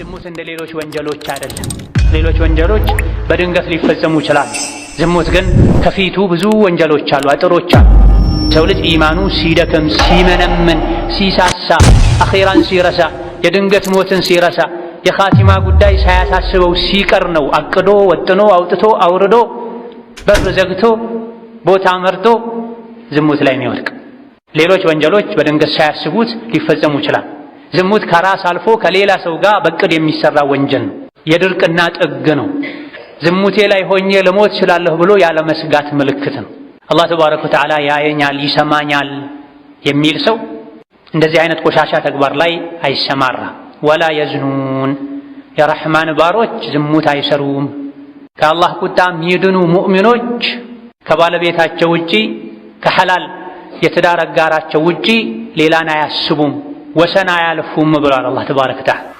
ዝሙት እንደ ሌሎች ወንጀሎች አይደለም። ሌሎች ወንጀሎች በድንገት ሊፈጸሙ ይችላል። ዝሙት ግን ከፊቱ ብዙ ወንጀሎች አሉ፣ አጥሮች አሉ። ሰው ልጅ ኢማኑ ሲደክም፣ ሲመነምን፣ ሲሳሳ፣ አኼራን ሲረሳ፣ የድንገት ሞትን ሲረሳ፣ የኻቲማ ጉዳይ ሳያሳስበው ሲቀር ነው አቅዶ ወጥኖ አውጥቶ አውርዶ በር ዘግቶ ቦታ መርቶ ዝሙት ላይ የሚወድቅ። ሌሎች ወንጀሎች በድንገት ሳያስቡት ሊፈጸሙ ይችላል። ዝሙት ከራስ አልፎ ከሌላ ሰው ጋር በቅድ የሚሰራ ወንጀል ነው። የድርቅና ጥግ ነው። ዝሙቴ ላይ ሆኜ ልሞት እችላለሁ ብሎ ያለ መስጋት ምልክት ነው። አላህ ተባረከ ወተዓላ ያየኛል፣ ይሰማኛል የሚል ሰው እንደዚህ አይነት ቆሻሻ ተግባር ላይ አይሰማራ። ወላ የዝኑን የረሕማን ባሮች ዝሙት አይሰሩም። ከአላህ ቁጣ የሚድኑ ሙእሚኖች ከባለቤታቸው ውጪ ከሐላል የትዳር አጋራቸው ውጪ ሌላን አያስቡም። وسنا يالفهم مبرار الله تبارك وتعالى